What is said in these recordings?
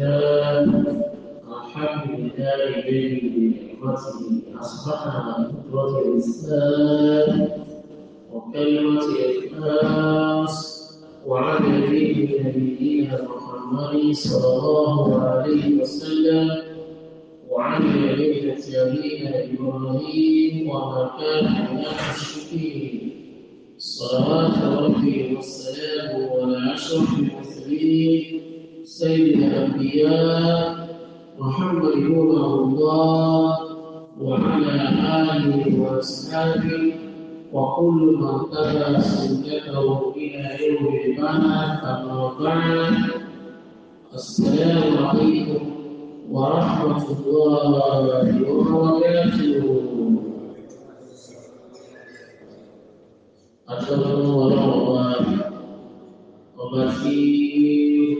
الكتاب أحب الآلبين بنعمته أصبح فطرة الإنسان وكلمة الناس وعن فيه نبينا محمد صلى الله عليه وسلم وعن ملة أبينا إبراهيم وما كان من الشركين صلوات ربي والسلام على أشرف المرسلين سيد الأنبياء محمد رسول الله وعلى آله وأصحابه وكل من تبع سنته إلى يوم البعث أما بعد السلام عليكم ورحمة الله وبركاته أتمنى الله وبركاته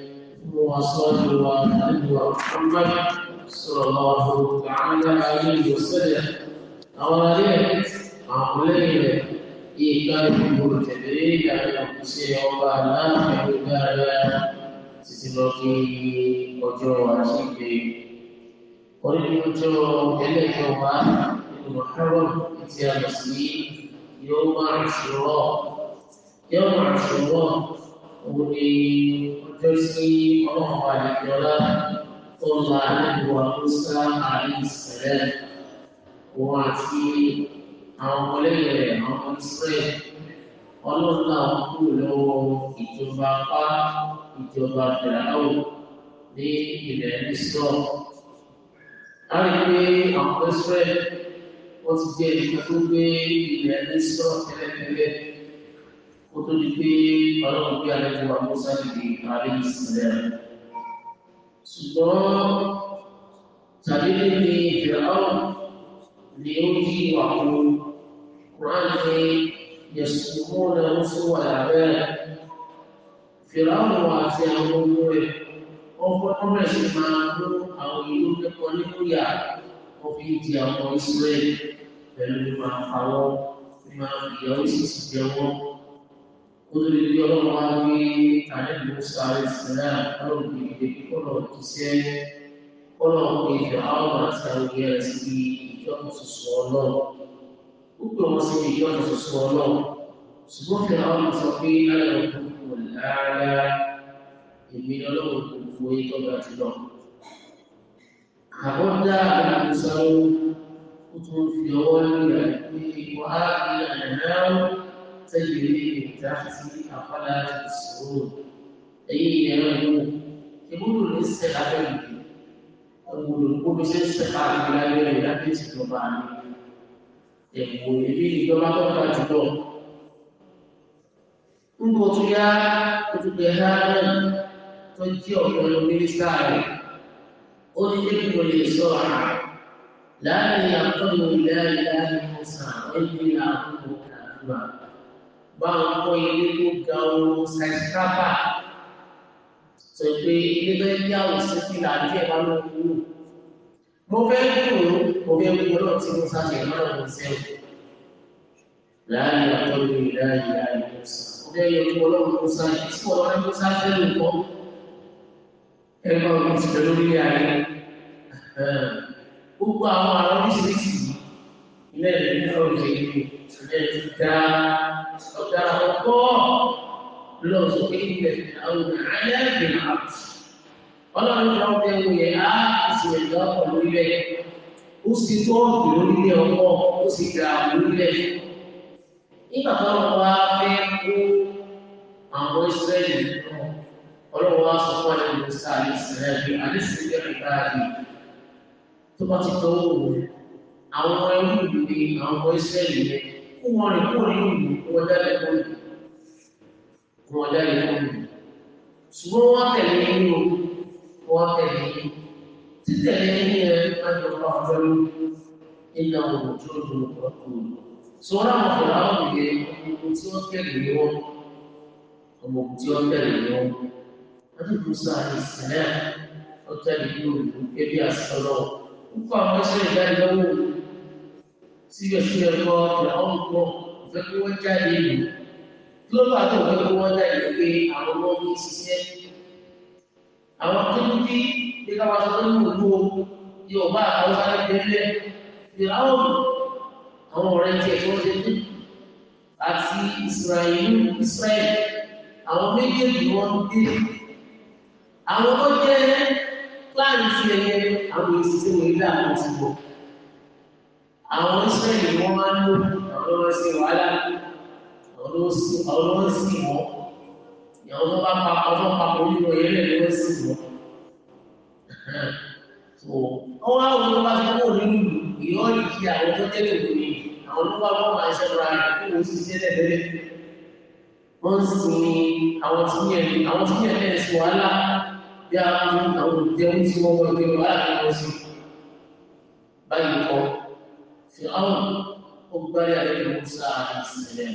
وأصحابه وأهله ومحمد صلى الله تعالى عليه وسلم أولئك أولئك إيكاد مرتبين على أنفسهم وعلى أهلهم títí lọ sí ọjọ́ àṣìkè orí ọjọ́ ẹlẹ́kọ̀ọ́wá nínú ọ̀hárọ̀ àti àlọ́ sí yóò máa ń ṣòro yóò máa ń ṣòro òun ni ọjọ́ sí ọlọ́run àdìgbọ́lá tó la àdìgbọ́ àkóso àárín ìṣẹ̀lẹ̀ òun àti àwọn ọmọlẹ́yìn rẹ̀ àwọn ọmọ ìṣẹ̀lẹ̀ ọlọ́run náà kú lọ́wọ́ ìjọba pa ìjọba fìlàwọ̀ ní ilẹ̀ ìṣọ́. a pé àwọn ọmọ ìṣẹ̀lẹ̀ wọ́n ti jẹ́ ìgbà tó gbé ilẹ̀ ìṣọ́ tẹ́lẹ̀tẹ́lẹ̀. Utujuki kalau upi ada dua Musa di hari Senin. Sebab jadi ini Fir'aun diuji waktu Quran ini yasumuna musuh wal abad Fir'aun wa asyam umure ọ̀pọ̀lọpọ̀ sì máa mú àwọn ìlú kẹ́kọ̀ọ́ nípòyà ọ̀fi ti àwọn Israẹli pẹ̀lú máa fa wọn máa قدر يوم عادي تعلم موسى عليه السلام قالوا في كل تسير قالوا في فرعون أسأل يا سيدي يوم سسوالله وكل ما سيدي يوم سسوالله سبحان فرعون سبحان أنا ربكم الأعلى إني لكم فويت باتلون àbọ̀dá àlùsàrò ó tún fi ọwọ́ lórí àti wàhálà ẹ̀rọ تجري من تحتي أفلا تبصرون أي يوم يقول الاستقامة يقول القدس استقامة لا يريد أن تتبعني يقول لي كما تقول nígbà tó yá òtútù ẹ̀ka náà tó jí ọ̀pọ̀lọpọ̀ mínísítà rẹ̀ ó ní kí kò lè sọ àrà láàrin àtọ́nù ilẹ̀ ayé láàrin ẹ̀yìn àwọn àdúrà. bá ń kọ́ ilé tó ga oorun skyscrapa sọ pé ilé tó ń yá òsì fìlà díẹ̀ bá ló kú mo fẹ́ dùn mo fẹ́ mú ọlọ́run tí mo sáfẹ́ náà mo sẹ́wọ̀ láàyè àtọ́jú ìdáyè láàyè ọ̀sán mo fẹ́ yọ kí ọlọ́run mo sáfẹ́ tí ọlọ́run mo sáfẹ́ lò ẹ máa ń sọ lórí ayé gbogbo àwọn àwọn oríṣiríṣi ilé ìlú náà lè ní. سجدا استغفره الله لو سئل فرعون على في الارض ọlọ́run tó ń bẹ wòye á ìsìn ẹ̀dá ọkọ̀ lórílẹ̀ ó sì tó lórílẹ̀ ọkọ̀ ó sì ga lórílẹ̀ nígbà tó ń wá fẹ́ kó àwọn ìsírẹ́lì náà ọlọ́run wá sọ fún ẹ̀dá ìsá àdìsírẹ́lì àdìsírẹ́lì káàdì tó bá ti tọ́wọ́ wò àwọn ọmọ ẹrú ìlú ni àwọn ọmọ ìsírẹ́lì yẹn kó wọn rìn kó nínú ìlú kó wọn jáde kó nínú kó wọn jáde kó nínú ṣùgbọ́n wọ́n tẹ̀lé nínú wọ́n tẹ̀lé nínú títẹ̀lé nínú ẹ̀ láti ọ̀pá ọ̀jọ́ lórí nínú àwọn òjò lórí ọkọ̀ sọ́ra àwọn ọ̀rọ̀ àwọn òye ọmọ tí wọ́n tẹ̀lé ní wọn ọmọ tí wọ́n tẹ̀lé ní síbẹ̀síbẹ̀ kọ́ làwọn kọ́ ìfẹ́ kí wọ́n jáde ìlú kí ló bá tó ìfẹ́ kí wọ́n jáde pé àwọn ọmọ mi ṣiṣẹ́ àwọn tó ń bí bí ká máa tó ń wò ó yóò bá àwọn sáré délé ní àwọn àwọn ọ̀rẹ́ tiẹ̀ tó ń ṣe ní àti ìsirayẹ̀lú ìsirayẹ̀ àwọn méjèèjì wọn dé àwọn tó jẹ́ láàrin tiẹ̀ yẹn àwọn èsì tí àwọn ti bọ̀ àwọn ìṣẹ̀lẹ̀ ni wọ́n máa ń lò àwọn ọmọ sí wàhálà àwọn ọmọ sí wọn ìyàwó tó bá pa ọmọ papọ̀ nínú ìyẹ́lẹ̀ ni wọ́n sì wọ́n. wọ́n wá wọn tó bá fi kó nínú ìyọ́ ìkí àwọn tó tẹ́lẹ̀ wò ni àwọn tó bá wọn máa ń ṣẹ́ra kí wọ́n sì tẹ́lẹ̀ tẹ́lẹ̀. wọ́n sin àwọn tí yẹn àwọn tí yẹn lẹ́yìn sí wàhálà bí àwọn àwọn òjẹun tí wọ́n wọ́n wọ́n Fìràwùn ó gbáyà lórí Musa àti Sẹ̀lẹ̀.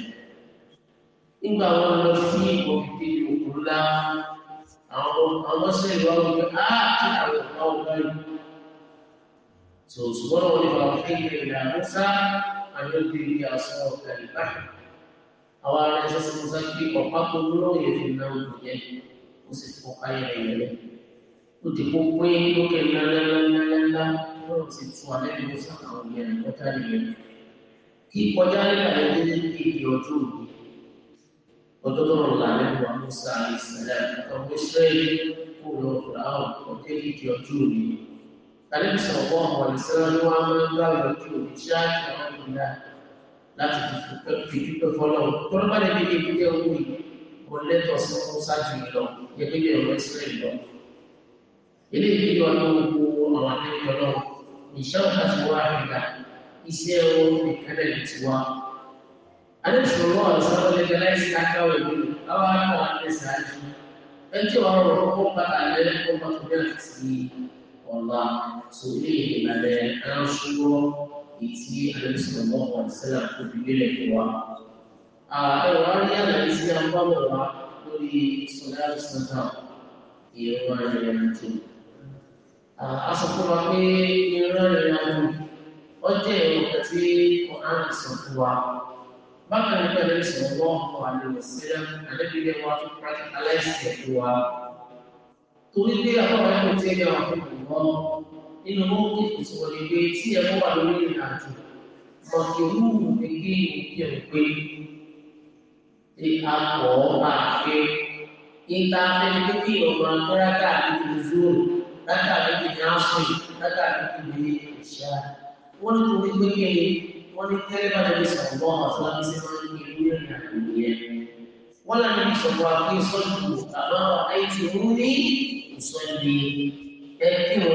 Nígbà wọn lọ sí òkè òkú ńlá, àwọn ọmọ sẹ́yìn wá wọ́n pé á kí àwọn ọ̀gá ọ̀gá yìí. Sòsùmọ́ wọn ni wàá kékeré ìlà Musa àyọ̀dèrè àṣọ ọ̀gá ìbá. Àwọn ará ẹ̀sẹ̀ sí Musa kí ọ̀pá kó lóyè fi náà wò yẹn, ọlọ́run ti fún alẹ́bí musa àwọn ìyẹn ẹ̀kọ́ta nìyẹn kí kọjá nígbà yẹn dé ní kéèké ọjọ́ òní ọjọ́ tó rọrùn là lẹ́nu wa musa ìsẹ̀lẹ̀ ọmọ israẹli kó lọ fìlàwọ̀ ọjọ́ kéèké ọjọ́ òní alẹ́bí sọ̀rọ̀ fún ọmọ ìsẹ́lẹ̀ ní wàá máa ń gbà ọjọ́ òní ṣáàkì àwọn ìlà láti fi dúpẹ́ fọlọ́ tọ́lọ́mọdé bíi kékeré owó yìí mo lẹ́tọ̀ọ́ sí musa jù ìṣàkóso àrídà iṣẹ́ ooru ìkálẹ̀ ti wá. Adéṣòro ọ̀sán lẹ́gbẹ̀ẹ́ láìsí kákáwé mi, àwọn akọ̀ àti ṣáájú. Ẹ jẹ́ ọ̀rọ̀ kó padà lẹ́yìn kó bá tóbi àti ọ̀la sórí ìlànà ẹ̀ránṣúwọ́ ìtí Adéṣòro ọ̀sẹ̀lá kò fi lélẹ̀ fún wa. Ẹ̀rọ arí àlàyé sí àwọn bá wọ̀ wá lórí ìsọ̀lá àti sọ̀tà ìrora ìrìn àjò asọ̀kún wa pé ìran ìrìn àjò ó jẹ́ ìrìnkà tí ọ̀ràn ìsọ̀kún wa bákan náà pẹ̀lú ìsọ̀rọ̀ ọkọ̀ àlejò sílẹ̀ àlébíyẹ wa tó practicalize ẹ̀kọ́ wa torí pé àkọ́kọ́ ẹ̀kọ́ tí ẹ̀yà wà fún ìwọ́n nínú mọ́kì ìsọ̀rọ̀ ni pé tí ẹ̀kọ́ wà lórí ìrìn àjò mọ̀kì olúwo ni kí ìrìn pé ìkàkọ́ àfẹ́ ìta afẹ́ ní kí ọ̀gbọ̀n akọ́rá káàkiri zoro rákà méjì ní asùn rákà méjì ní ìṣá wọ́n ní torí pé kí ni wọ́n ní tẹ́lẹ̀mà lẹ́bi sọ̀rọ̀ bọ́ àwọn fúlàní sí máa ń ní ìwé ìrìn àjò yẹn wọ́n lẹ́nu ní sọ̀rọ̀ àfihàn sọ́jú àmọ́ àìtì òun ní ìsọ̀ndì ẹ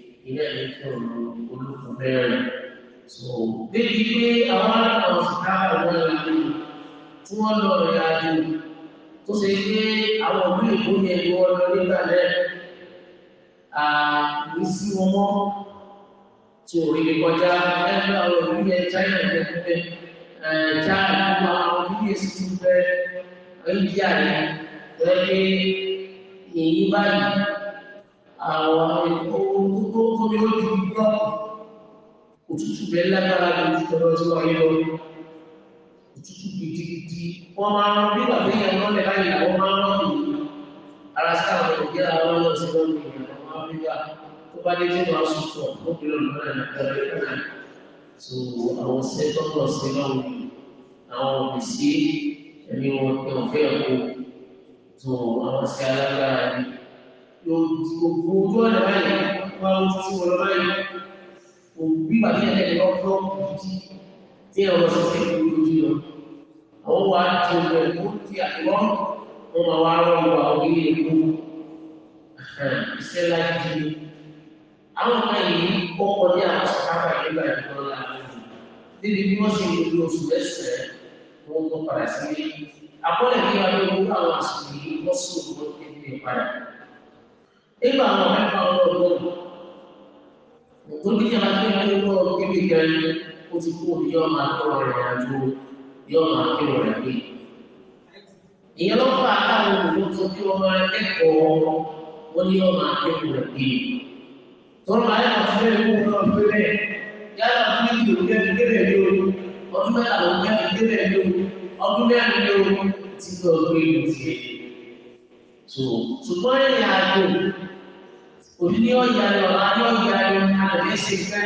ilé ẹ̀rí tó olùkọ́ bẹ́ẹ̀rẹ̀ so débi pé àwọn aláwọ̀ síta àwọn ìlànà tí wọ́n lọ rìn àjò tó ṣe pé àwọn òbí ìbò ni ẹ̀rọ ọlọ nígbà náà àmì sí wọn mọ́ tí ò rí kọjá ẹgbẹ́ àwọn òbí yẹn China yẹn fẹ́ China gbogbo àwọn òbí yẹn sì ti India yẹn fẹ́ pé èyí báyìí àwọn ohun tó kọ́mí lójú gbọ́ òtútù bẹ́ẹ̀ lágbára ní ìjọba tí wọ́n yọ òtútù gidigidi wọ́n máa ń bí wà ní ẹ̀rọ lẹ̀ láyé àwọn máa ń rọ̀ nìyí ara sí àwọn ìgbé àwọn ọ̀nà tí wọ́n yọ ìyàwó máa ń bí wà tó bá dé tí wọ́n á sùn fún ọ̀pọ̀ bí lọ́nà náà ní ọ̀rẹ́ náà tó àwọn sẹ́tọ́ pọ̀ sí náà àwọn òbí sí ẹ̀mí wọn pé wọ́n fẹ́ ẹ̀kọ́ àwọn sí alágbára yìí gbogbo ojú ọ̀nà báyìí wọ́n ló ti wọ́n báyìí òbí bàbá ẹ̀ lọ fún ọkùnrin tí ẹ̀ lọ sí ẹ̀kọ́ lójú lọ. àwọn wa ti ọ̀nà ẹ̀kọ́ ti àtìwọ́ wọn máa wá rọ ìwà orí ẹ̀kọ́ iṣẹ́ láti di. àwọn ọmọ yìí ó kọ ní àwọn sàkáfà nígbà ìgbà ńlá níbi bí wọ́n ṣe ń lo oṣù mẹ́sàn-án nígbà àwọn ọ̀rẹ́ kan lọ́wọ́ lọ́wọ́ tó ní ìjọba tí wọ́n kíbi gan ó ti kú ní máa tọ́ rẹ̀ àjò yọ́ máa kí rẹ̀ gbé. ìyẹn ló fà káwọn olùkọ́ tó kí wọ́n máa kẹ́kọ̀ọ́ wọn ní yọ́ máa rẹ̀ gbé. tọ́lá ayé àti bẹ́ẹ̀ kó lọ fẹ́rẹ̀ yálà fún ìlú kẹ́kẹ́ kẹ́rẹ́ ní o ọdún mẹ́ta ló kẹ́kẹ́ kẹ́rẹ́ ní o ọdún mẹ́rin ní o ti lọ gbé ìlú tiẹ̀ so ṣùgbọ́n ìrìn àjò òní ní ọ̀yà rẹ̀ ọ̀la ní ọ̀yà rẹ̀ àlẹ́ ṣe fẹ́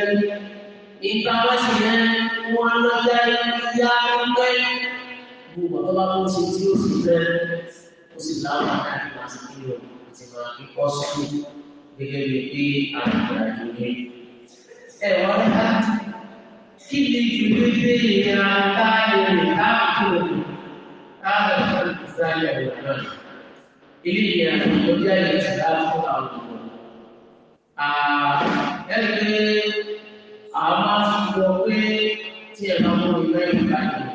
ìgbà wọ́n sì rẹ̀ wọ́n lọ́jọ́ ìyá pẹ́ gbogbo àwọn bá tó ṣe tí ó sì fẹ́ ó sì láwọn àkáàkiri àti kílò àti máa fi kọ́ sí gẹ́gẹ́ bí pé àgbà ìwé ẹ̀rọ ẹ̀ka kí ni ìdílé ìlera táyé rẹ̀ káàkiri káàkiri ìzáyà ìwà náà eléyìí àtúntò bí àyè ti dá fún àwọn ọmọ. ẹni pé àwọn máa ń sọ pé tí ẹ bá mú ìwé ìgbà yìí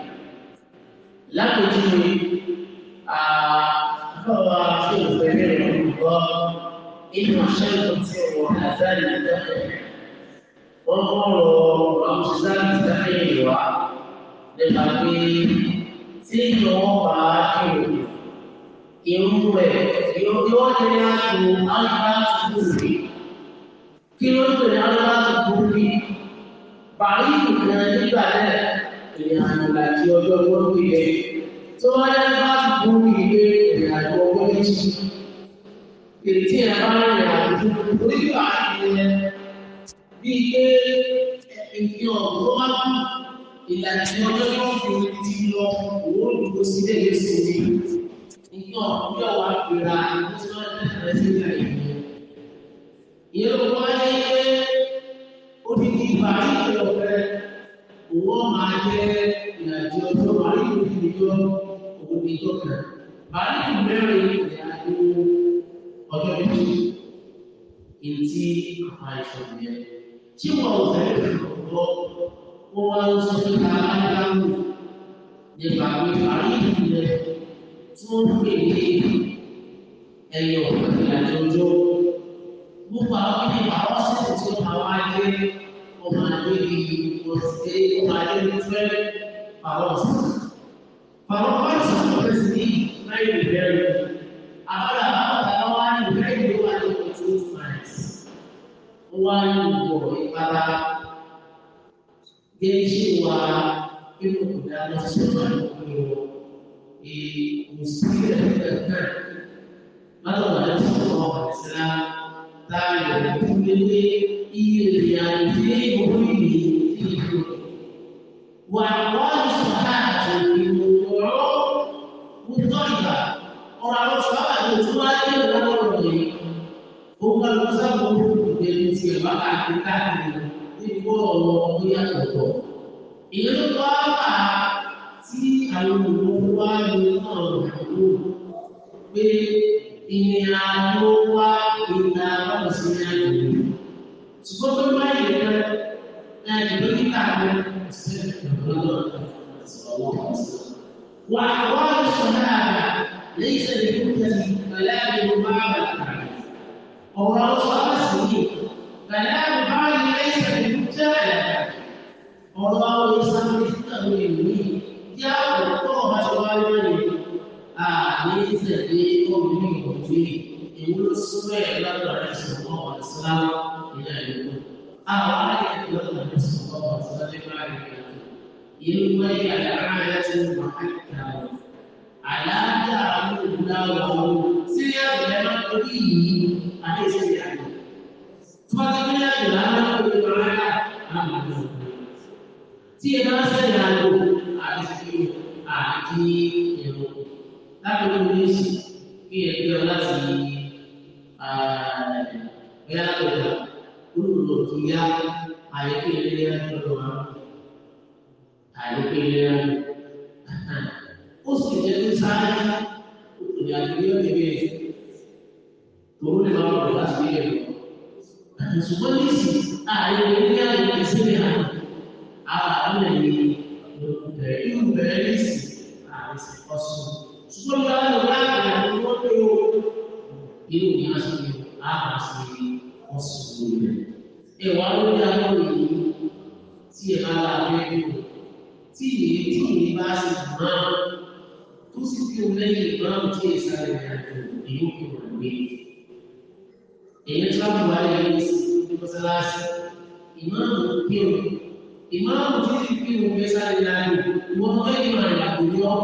lápòjúwe àbọ̀wá tí ò fẹ́rẹ̀ rẹ̀ ń gbọ́ inú ọ̀ṣẹ́ ìlú tí ọ̀wọ́ àzáàlì dáfẹ́. wọ́n kọ́ ọ̀rọ̀ àwọn ṣẹ́sáàlì ìwà nípa pé tí ìyọ̀wọ́ bá kí òkú irun rẹ̀ irun tí wọ́n ti ní àjò alibáàtì kúrúfì kí ló ń pè ní alibáàtì kúrúfì bàálù ìgbìmọ̀ nígbà náà ìrìn àjò àti ọjọ́ tó ń pè é tó wá ní alibáàtì kúrúfì lé ìrìn àjò ọgbọ́n méjì ètí ẹ̀ bá rìn àjò orígbà ìrìn bíi pé ìfi ọ̀gbọ́n wá kú ìlànà ọjọ́ tó ń fi ti lọ òórùn kó sí lẹ́yìn ni ìyọ̀ yọ̀ wá gbéra ìlú tí wọ́n ti tẹ̀lé sí ìgbà yìí. Ìyẹn ló wá ní pé odidi ìbàdí ìlú ọ̀fẹ́ òun máa jẹ́ ìrìnàjò ọjọ́ bàálù ìlú ìjọ òun ní ìjọ kan. Bàálù mẹ́rin ìrìnàjò ọjọ́ méjì ètí àwọn àìsàn yẹn. Tí wọn ò fẹ́ fi ọ̀dọ́ wọn wá ń sọ nípa aláwọ̀ nípa pé bàálù tí wọ́n ń pè ní ẹ̀yọ̀ ìlànà ọjọ́. Gbogbo àwọn ní àwọn sẹ́yìn tí àwọn ajé ọmọ ajé ní ọ̀sẹ̀ ọmọ ajé ní fẹ́ pàrọ̀s. Pàrọ̀s ọ̀sẹ̀ sì ní láyé ìbẹ̀rẹ̀. Àbára àwọn ọ̀tá wá ní ìbẹ̀rẹ̀ ló wà ní ọ̀tún fàìs. Ó wá ṣe wà nínú ìdáná sọ̀rọ̀ ìwọ̀. musibah diberikan lalu ada Alaihi Wasallam tanya kembali irian diri muhimi itu wallahi subhanahu wa ta'ala orang sahabat itu lagi dalam ini bukan masa bukan jadi siapa kita ini ini kok dia itu Ibu apa alùpùpù wá ní ọ̀rọ̀ ìlú pé ìrìn àjò wá ìgbà ọ̀rọ̀ sí àjò. Ṣùgbọ́n tó bá yẹ kẹ́ ẹ dókítà rẹ̀ ṣe ìrànlọ́wọ́ ìṣòro wà wá ìṣọ̀nà àgbà lẹ́yìn ìṣẹ̀lẹ̀ tó tẹ̀ sí pẹ̀lẹ́ àjò bá bàtà. Ọ̀rọ̀ ọ̀ṣọ́ sì yìí pẹ̀lẹ́ àjò bá yẹ lẹ́yìn ìṣẹ̀lẹ̀ tó tẹ̀ ọ̀rọ̀ ìṣàmìlítà lóyè lóyè. tí a kò tọ́ ọ̀ma ṣe wá lórí àmì ìtẹ̀lé obìnrin ìwọ̀jú yìí ìwúlò súnmọ́ ẹ̀ lọ́dọ̀ rẹ̀ sọ̀rọ̀ wọn ìsìlámù ilẹ̀ ìlú. Àwọn aláìsí lọ́dọ̀ rẹ̀ sọ̀rọ̀ wọn ìsìlámù ilẹ̀ ìlú. Ìlú wáyé àlàáyé tó wà áìkà rẹ̀. Àlàájá àwọn olùdáwọ̀ ọ̀hún sí ẹ bá ṣẹ̀yìn àjò àdéṣe àti èrò láti orí níìsì bí ẹbí ọ láti ẹyà ọjà olùdó tó yá àyẹ̀kọ́ ilé ẹ̀rọ tó wà àyẹ̀kọ́ ilé ẹ̀rọ ó sì jẹ́ pé sáré òkùnrin àgbélé ọ̀gbẹ̀gbẹ̀ tòun lè máa wọ̀ láti ilé ẹ̀rọ ṣùgbọ́n níìsì àyẹ̀kọ́ esse próximo. Suponho que ela logrará né? um outro e o máximo abraço nosso mundo. Eu amo de amor se ela veio, se ele vai se mão, tu se tu ele mão que está ligado e o que não vê. Ele trabalha é ele você lá, irmão, que eu ìmáàmù tí ti pín òun fẹ́ sáré láàyò wọ́n fẹ́ ìmọ̀ àyàkó yọ ó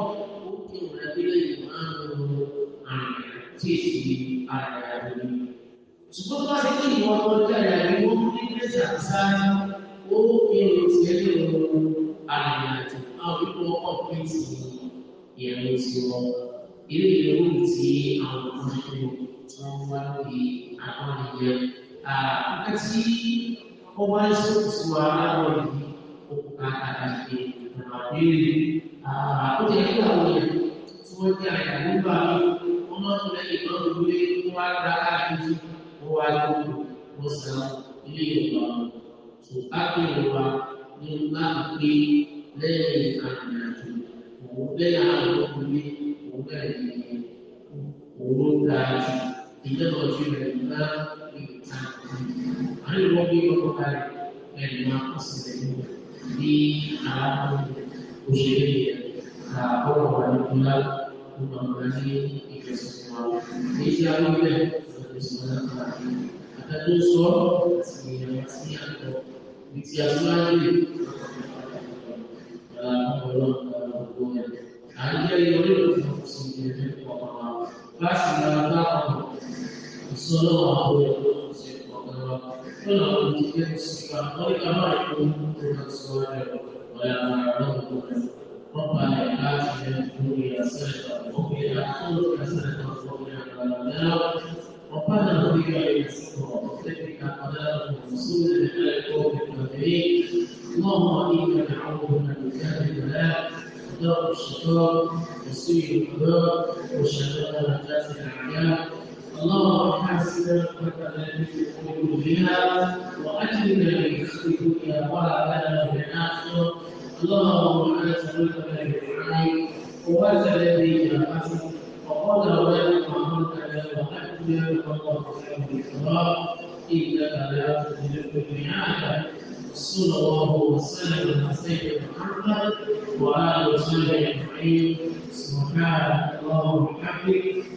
kí òun lábílẹ̀ ìmáàmù àrùn tí èsì àràyàwó ni. ṣùgbọ́n bá ti kí ìwọ ọmọ ọjọ́ àyàwó wọn ní pẹ́sì àtúnṣáájú ó kí òun ti ẹgbẹ́ òun àràyàjò àwọn ikú ọkọ̀ pín sí ìyẹ̀wò sí wọn. ilé ìyẹ̀wò ti àwọn ọmọ ẹgbẹ́ wọn wá lórí àwọn ìyẹn. àkókò tí wọ́n bá ń ṣòkòtò yìí àtàkàṣe ìgbàlódé àkójọ ìgbà wo yẹn tí wọ́n jẹ́ àyàwó bá mi wọ́n máa tún lẹ́yìn náà ló lé wọ́n wá gba káàkiri wọ́n wá lóko wọ́n san ilé ìwà tó káàkiri wa ní láti pé lẹ́yìn àyàjò òun bẹ́ẹ̀ àwọn ọkùnrin òun ni òun ga jù ìjọba ojú rẹ̀ ńlá ìta àti ìwọ́n bí di alam usia apa bahwa tinggal mengkaji ikhlas semua. Jadi siapa dia? Sebenarnya ada unsur yang pasti atau disiapkan lagi dalam golong hubungan. Ada nah, yang boleh berfungsi dengan Allah. Pas mereka Rasulullah التقوى فلا أنتهي الصفة ولكما يكون قوة سؤال ولا معلوم ربنا آتنا في الدنيا سنة وفي الآخرة سنة وقنا عذاب النار ربنا هديك إلى الصبر وثبت أقدامنا وانصرنا على القوم الكافرين اللهم إنا نعوذ من كان البلاء ودار الشقاء وسيء القضاء وشتات الأعداء اللهم حسنا وكذلك يكون بنا واجرنا من خزي الدنيا وعذاب الاخره اللهم انت الملك الذي وانت الذي يبعث وقال اولئك امرت لنا واجرنا والله خير الكرام انك لا تخلف الميعاد صلى الله وسلم على سيدنا محمد وعلى اله وصحبه اجمعين سبحانك اللهم وبحمدك